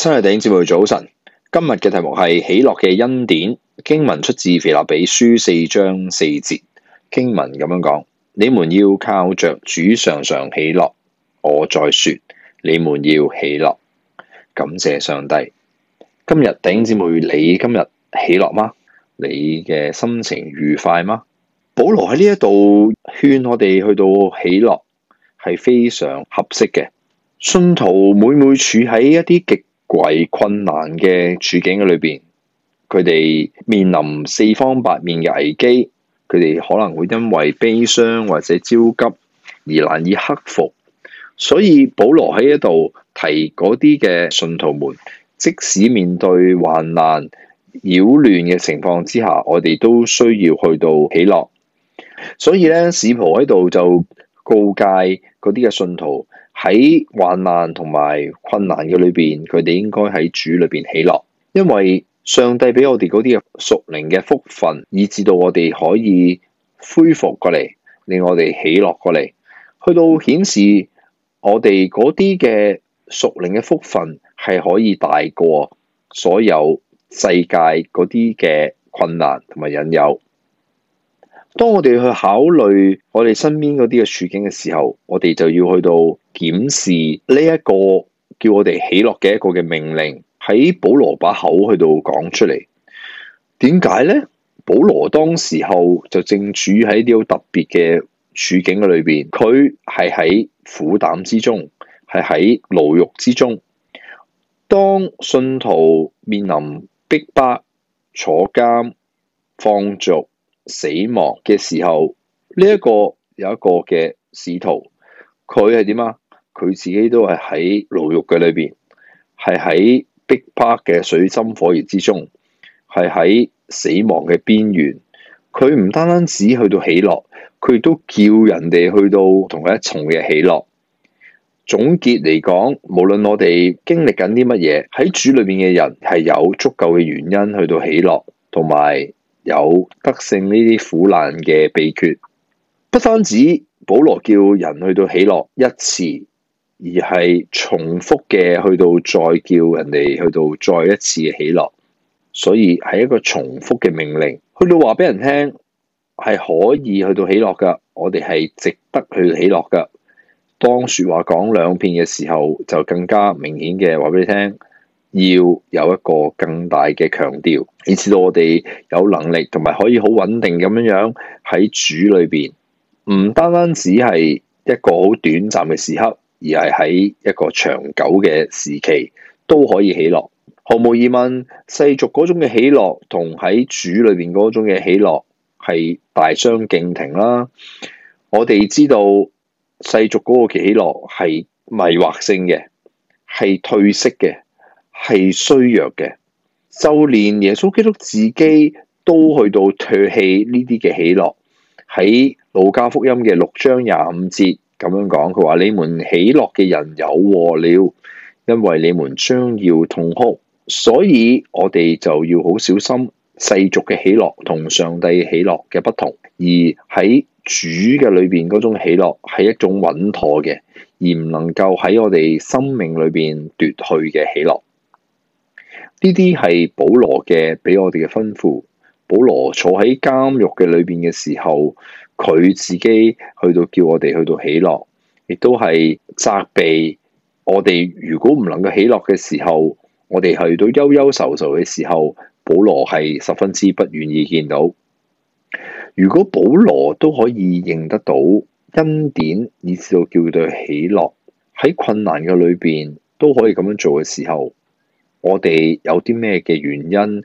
親愛弟兄姊妹早晨，今日嘅題目係喜樂嘅恩典，經文出自腓立比書四章四節，經文咁樣講：你們要靠着主常常喜樂。我再說，你們要喜樂，感謝上帝。今日弟兄姊妹，你今日喜樂嗎？你嘅心情愉快嗎？保羅喺呢一度勸我哋去到喜樂，係非常合適嘅。信徒每每處喺一啲極，為困難嘅處境嘅裏邊，佢哋面臨四方八面嘅危機，佢哋可能會因為悲傷或者焦急而難以克服，所以保羅喺一度提嗰啲嘅信徒們，即使面對患難擾亂嘅情況之下，我哋都需要去到喜樂。所以咧，使徒喺度就告誡嗰啲嘅信徒。喺患難同埋困難嘅裏邊，佢哋應該喺主裏邊喜樂。因為上帝俾我哋嗰啲嘅屬靈嘅福分，以至到我哋可以恢復過嚟，令我哋喜樂過嚟，去到顯示我哋嗰啲嘅屬靈嘅福分係可以大過所有世界嗰啲嘅困難同埋引誘。當我哋去考慮我哋身邊嗰啲嘅處境嘅時候，我哋就要去到。檢視呢一個叫我哋喜樂嘅一個嘅命令，喺保羅把口去度講出嚟，點解咧？保羅當時候就正處喺啲好特別嘅處境嘅裏邊，佢係喺苦膽之中，係喺牢獄之中。當信徒面臨逼迫、坐監、放逐、死亡嘅時候，呢一個有一個嘅使徒，佢係點啊？佢自己都係喺牢獄嘅裏邊，係喺逼迫嘅水深火熱之中，係喺死亡嘅邊緣。佢唔單單止去到喜樂，佢都叫人哋去到同一重嘅喜樂。總結嚟講，無論我哋經歷緊啲乜嘢，喺主裏面嘅人係有足夠嘅原因去到喜樂，同埋有得勝呢啲苦難嘅秘訣。不單止保羅叫人去到喜樂一次。而係重複嘅，去到再叫人哋去到再一次嘅喜樂，所以係一個重複嘅命令，去到話俾人聽係可以去到喜樂噶，我哋係值得去喜樂噶。當說話講兩遍嘅時候，就更加明顯嘅話俾你聽，要有一個更大嘅強調，以致到我哋有能力同埋可以好穩定咁樣樣喺主裏邊，唔單單只係一個好短暫嘅時刻。而係喺一個長久嘅時期都可以喜樂，毫無疑問，世俗嗰種嘅喜樂同喺主裏面嗰種嘅喜樂係大相徑庭啦。我哋知道世俗嗰個喜樂係迷惑性嘅，係褪色嘅，係衰弱嘅。就連耶穌基督自己都去到唾棄呢啲嘅喜樂。喺路加福音嘅六章廿五節。咁樣講，佢話你們喜樂嘅人有禍了，因為你們將要痛哭，所以我哋就要好小心世俗嘅喜樂同上帝喜樂嘅不同，而喺主嘅裏邊嗰種喜樂係一種穩妥嘅，而唔能夠喺我哋生命裏邊奪去嘅喜樂。呢啲係保羅嘅俾我哋嘅吩咐。保羅坐喺監獄嘅裏邊嘅時候，佢自己去到叫我哋去到喜樂，亦都係責備我哋。如果唔能夠喜樂嘅時候，我哋去到憂憂愁愁嘅時候，保羅係十分之不願意見到。如果保羅都可以認得到恩典，以致到叫佢喜樂，喺困難嘅裏邊都可以咁樣做嘅時候，我哋有啲咩嘅原因，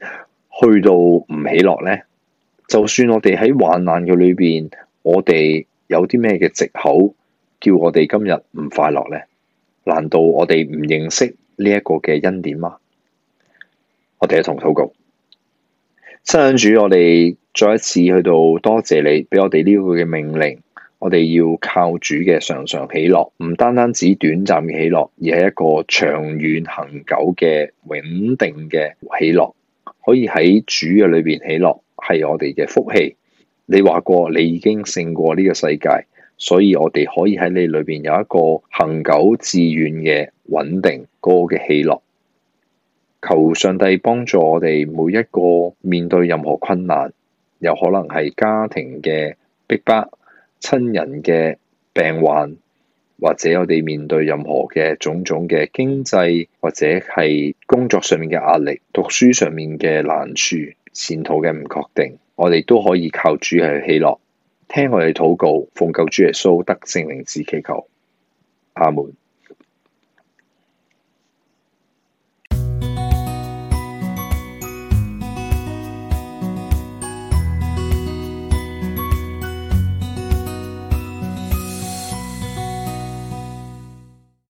去到唔喜樂呢？就算我哋喺患難嘅裏邊，我哋有啲咩嘅藉口叫我哋今日唔快樂呢？難道我哋唔認識呢一個嘅恩典嗎？我哋一同禱告，神主，我哋再一次去到多謝你俾我哋呢個嘅命令，我哋要靠主嘅常常喜樂，唔單單指短暫嘅喜樂，而係一個長遠恒久嘅穩定嘅喜樂。可以喺主嘅裏邊喜樂，係我哋嘅福氣。你話過你已經勝過呢個世界，所以我哋可以喺你裏邊有一個恒久自願嘅穩定、歌嘅喜樂。求上帝幫助我哋每一個面對任何困難，有可能係家庭嘅逼迫、親人嘅病患。或者我哋面對任何嘅種種嘅經濟，或者係工作上面嘅壓力、讀書上面嘅難處、前途嘅唔確定，我哋都可以靠主嚟喜樂，聽我哋禱告，奉救主耶穌得聖靈之祈求。阿門。